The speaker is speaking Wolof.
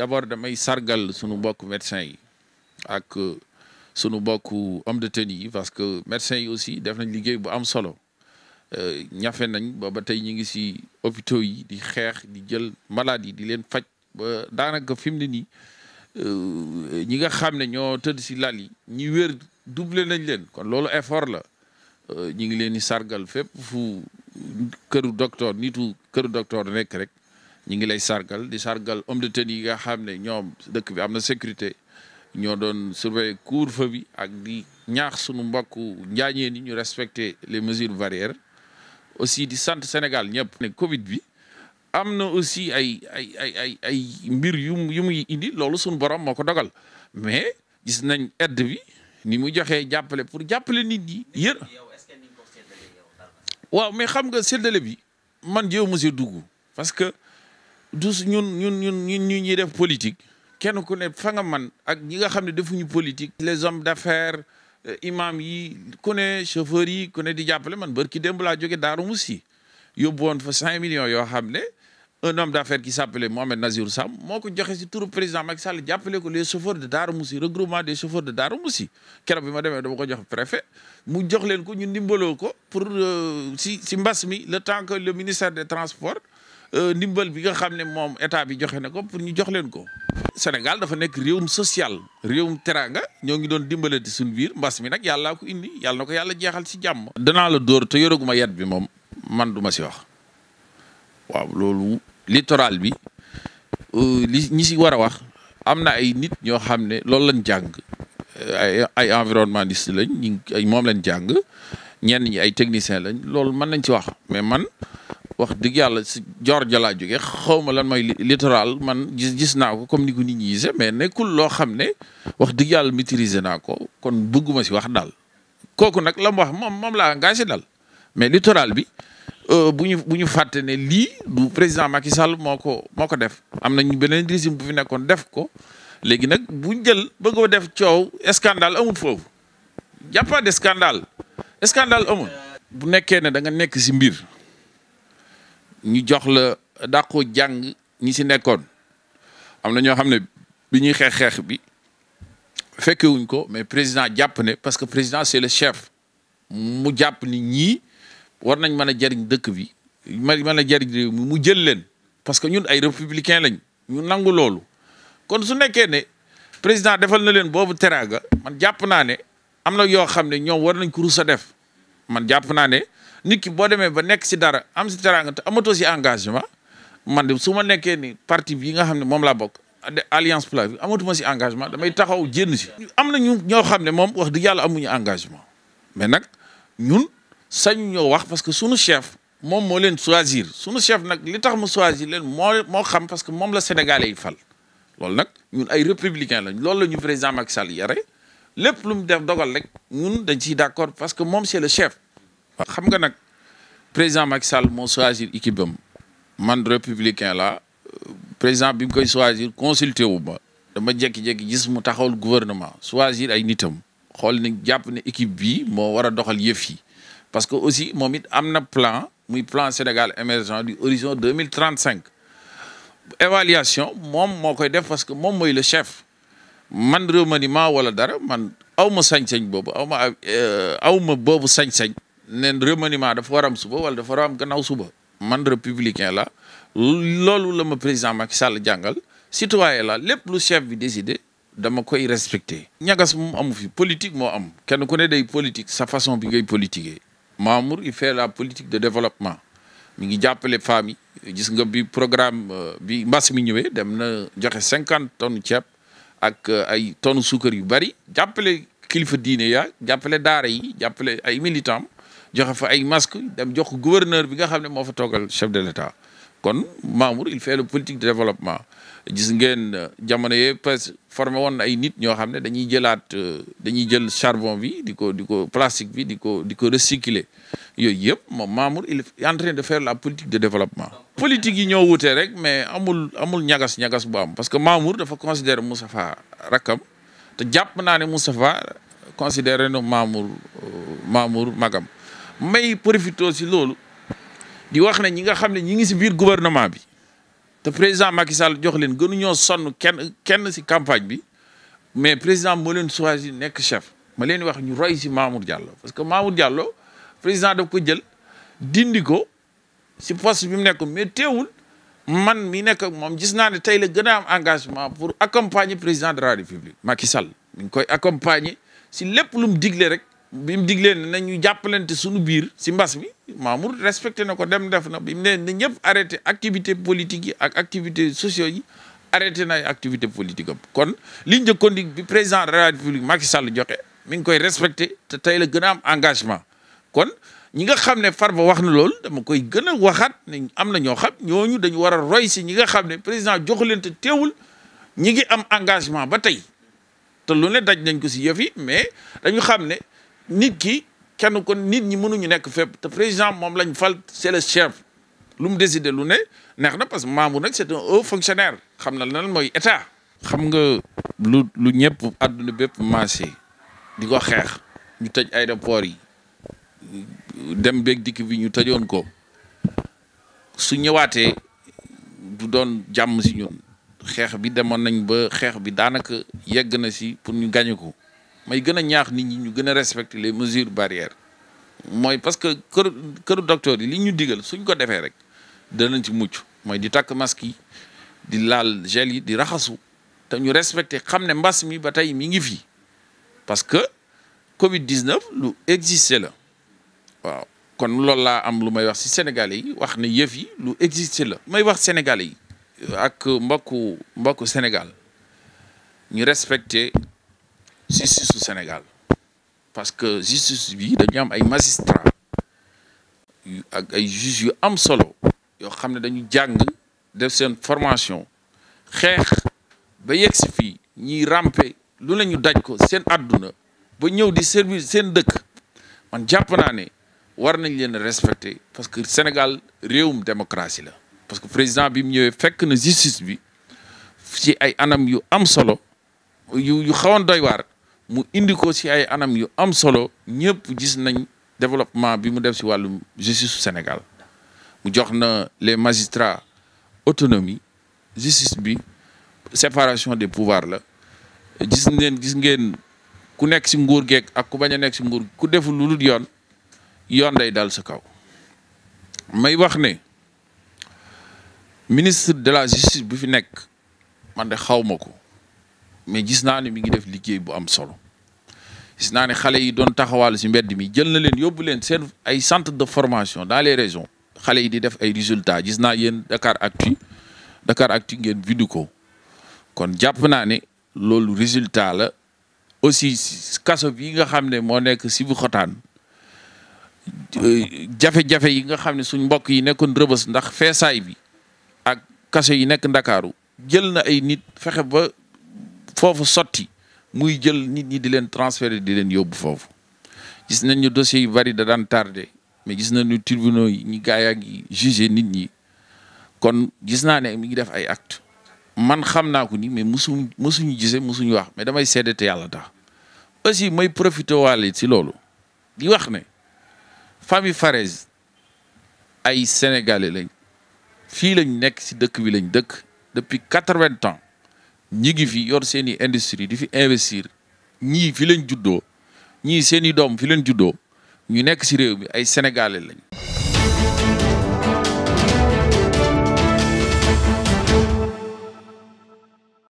d'abord damay sargal sunu mbokk médecin yi ak euh, sunu mbokk homme de tenue yi parce que médecin yi aussi def nañ liggéey bu am solo euh, ñafe nañ ba ba tey ñu ngi si hôpitaux yi di xeex di jël malade yi di leen faj ba daanaka fi mu ne nii euh, ñi nga xam ne ñoo tëdd si lal yi ñi wér doublé nañ leen kon loolu effort la ñu ngi leen di sargal fépp fu këru docteur nitu këru docteur nekk rek ñi ngi lay sargal di sargal homme de tenue yi nga xam ne ñoom dëkk bi am na sécurité ñoo doon surveiller couvre bi ak di ñaax sunu mbokku njaañee ni ñu respecter les mesures barrières aussi di sant Sénégal ñëpp. ne Covid bi am na aussi ay ay ay ay ay mbir yu yu yi indi loolu sunu borom moo ko dogal mais gis nañ edd bi ni mu joxe jàppale pour jàppale nit yi yër waaw mais xam nga séddale bi man jéem a dugg parce que. dus ñun ñun ñun ñun ñu ñuy def politique kenn ku ne fa nga man ak ñi nga xam ne defuñu politique les hommes d'affaires euh, imam yi ku ne chauffeur yi ku ne di jàppale man bër ki démb laa jóge Daaru Musi yóbbu woon fa cinq millions yoo xam ne un homme d'affaires qui s'appelait Mohamed Nazir Sam moo ko joxe si turu président Macky Sall jàppale ko les chauffeurs de Darou Moussi regroupement des chauffeurs de Darou Moussi keroog bi ma demee dama ko jox préfet mu jox leen ko ñu ndimbaloo ko pour euh, si si mbas mi le temps que le ministère des transports Euh, ndimbal bi nga xam ne moom état bi joxe na ko pour ñu jox leen ko. Sénégal dafa nekk réewum social réewum teraanga ñoo ngi doon dimbale ti suñu biir mbas mi nag yàllaa ko indi yàlla na ko yàlla jeexal ci jàmm. danaa la dóor te yoraguma yat bi moom man duma ma si wax waaw loolu littoral bi euh, li ñi si war a wax am na ay nit ñoo xam ne loolu lañ jàng ay ay environnementiste lañ ay moom lañ jàng ñenn ñi ay technicien lañ loolu mën nañ ci wax mais man. wax dëgg yàlla si Georgia laa jóge xaw ma lan mooy littoral man gis gis naa ko comme ni ko nit ñi mais nekkul loo xam ne wax dëgg yàlla maîtriser naa ko kon bëgguma si wax daal. kooku nag la mu wax moom moom laa engagé daal mais littoral bi euh, bu ñu bu ñu fàtte ne lii du président Macky Sall moo ko moo ko def am na ñu beneen régime bu fi nekkoon def ko léegi nag buñ jël bëggoo def coow scandale amul foofu jàppa de scandale scandale amul bu nekkee ne da nga nekk si mbir. ñu jox la dàqu jàng ñi si nekkoon am na ñoo xam ne bi ñuy xeex xeex bi fekkewuñ ko mais président jàpp ne parce que président c'est le chef mu jàpp ni ñii war nañ mën a jariñ dëkk bi mën a jariñ mu jël leen parce que ñun ay républicain lañ ñu nangu loolu kon su nekkee ne président defal na leen boobu teraanga man jàpp naa ne am na yoo xam ne ñoom war nañ ko rus a def man jàpp naa ne nit ki boo demee ba nekk si dara am si teraanga te amatoo si engagement man de su ma nekkee ni parti bii nga xam ne moom laa bokk alliance plat bi amatuma si engagement damay taxaw jénn si am na ñu ñoo xam ne moom wax dëgg yàlla amuñu engagement mais nag ñun sañu ñoo wax parce que sunu chef moom moo leen choisir sunu chef nag li tax mu choisir leen moo moo xam parce que moom la sénégalais yi fal loolu nag ñun ay républicain lañ lool la ñu président Macky Sall yare lépp lu mu def dogal rek ñun dañ ciy d'accord parce que moom c'est chef xam nga nag président Macky Sall moo choisir équipe am man républicain la président bi koy choisir consulté wu ma dama jékki-jékki gis mu taxawul gouvernement choisir ay nitam xool ni jàpp ne équipe bii moo war a doxal yëf yi parce que aussi moom it am na plan muy plan Sénégal émergent du horizon deux mille trente cinq évaluation moom moo koy def parce que moom mooy le chef man remaniement wala dara man aw ma sañ-sañ boobu aw ma euh, aw boobu sañ-sañ. ne remaniement dafa war am suba wala dafa war am gannaaw suba man républicain la loolu la ma président Macky Sall jàngal citoyen la lépp lu chef bi décidé dama koy respecté. ñagas moom amu fi politique moo am kenn ku ne day politique sa façon bi ngay politiquer Mamour il fait la politique de développement mi ngi jàppale femmes yi gis nga bi programme euh, bi mbas mi ñëwee dem na joxe cinquante tonnes ceeb ak euh, ay tonnes suukar yu bari jàppale kilifa diine ya jàppale daara yi jàppale ay militants joxe fa ay masque dem jox gouverneur bi nga xam ne moo fa toogal chef de l'État kon Mamour il fait le politique de développement gis ngeen euh, jamono yee presque formé woon na ay nit ñoo xam ne dañuy jëlaat euh, dañuy jël charbon bi di ko di ko plastique bi di ko di ko recycler yooyu yëpp moom Mamour il est de faire la politique de développement. politique yi ñoo wutee rek mais amul amul ñagas ñagas bu am parce que Mamour dafa considérer Moustapha rakkam te jàpp naa ne Moustapha considéré na Mamour euh, Mamour magam. may profité si loolu di wax ne ñi nga xam ne ñi ngi si biir gouvernement bi te président Macky Sall jox leen gënuñoo sonn kenn kenn si campagne bi mais président moo leen choisir nekk chef ma leen wax ñu roy si Mamour Diallo parce que Mamour Diallo président de ko jël dindi ko si poste bi mu nekk mais teewul man mi nekk ak moom gis naa ne tey la gën a am engagement pour accompagner président de la république Macky Sall mi koy accompagner si lépp lu mu digle rek bi mu diglee ne nañu jàppalante suñu biir si mbas mi Mamour respecté na ko dem def na bi mu ne na ñëpp arrêté activité politique yi ak activité sociaux yi arrêté na ay activité politique am kon liñ njëkkoon di bi président de la république Macky Sall mi ngi koy respecté te tey la gën a am engagement kon ñi nga xam ne far Farba wax na loolu dama koy gën a waxaat ne am na ñoo xam ñooñu dañu war a roy si ñi nga xam ne président joxu leen te teewul ñi ngi am engagement ba tey te lu ne daj nañ ko si yëf mais dañu xam ne nit ki kenn kon nit ñi mënuñu nekk fépp te président moom lañ fal c'est le chef lu mu décidé lu ne neex na parce que Mamour nag c'est un haut fonctionnaire xam na lan mooy état. xam nga lu lu ñëpp àdduna bépp marché di ko xeex ñu tëj aéroport yi dem beeg dikk bi ñu tëjoon ko su ñëwaatee du doon jàmm si ñun xeex bi demoon nañ ba xeex bi daanaka yegg na si pour ñu gañe ko. may gën ñaax nit ñi ñu gën a respecter les mesures barrières mooy parce que këru këru yi li ñu digal suñ ko defee rek danañ ci mucc mooy di takk masque yi di laal gel yi di raxasu te ñu respecté xam ne mbas mi ba tey mi ngi fi parce que Covid 19 lu existé la waaw kon loolu laa am lu may wax si sénégalais yi wax ne yëf yi lu existé la may wax sénégalais yi. ak mbokku mbokku Sénégal ñu respecté. justice su Sénégal parce que justice bi dañu am ay magistrat yu ak ay juges yu am solo yoo xam ne dañu jàng def seen formation xeex ba yegg si fii ñiy rampe lu la ñu daj ko seen adduna ba ñëw di service seen dëkk man jàpp naa ne war nañ leen respecter parce que Sénégal réewum démocratie la parce que président bi mu ñëwee fekk na justice bi si ay anam yu am solo yu yu doy waar mu indi ko ci ay anam yu am solo ñëpp gis nañ développement bi mu def ci wàllum justice Sénégal mu jox na les magistrats autonomie justice bi séparation des pouvoirs la gis ngeen gis ngeen ku nekk ci nguur geeg ak ku bañ a nekk ci nguur ku deful lu dul yoon yoon day daal sa kaw may wax ne ministre de la justice bu fi nekk man de xawma ko mais gis naa ne mi ngi def liggéey bu am solo gis naa ne xale yi doon taxawal si mbedd mi jël na leen yóbbu leen seen ay centre de formation dans les régions xale yi di def ay résultat gis naa yéen Dakar Actu Dakar Actu ngeen vidéo ko kon jàpp naa ne loolu résultat la aussi kaso bi nga xam ne moo nekk si bu xotaan euh, jafe-jafe yi nga xam ne suñ mbokk yi nekkoon rëbës ndax feesaay bi ak kaso yi nekk ndakaaru jël na ay nit fexe ba foofu sotti muy jël nit ñi di leen transférer di leen yóbbu foofu gis nañ ñu dossiers yu bari da daan tardé mais gis nañ ñu tribunaux yi ñu gaa yaa ngi jugé nit ñi kon gis naa ne mi ngi def ay act man xam naa ko ni mais musuñ musuñu gisee musuñu wax mais damay seede te yàlla tax aussi may profité waale si loolu gi wax ne famille Farès ay sénégalais lañ fii lañ nekk si dëkk bi lañ dëkk depuis quatre vingt ans ñi ngi fi yor seeni i industrie di fi investir ñii fi leen juddoo ñii seeni doom fi leen juddoo ñu nekk si réew mi ay sénégalais lañ.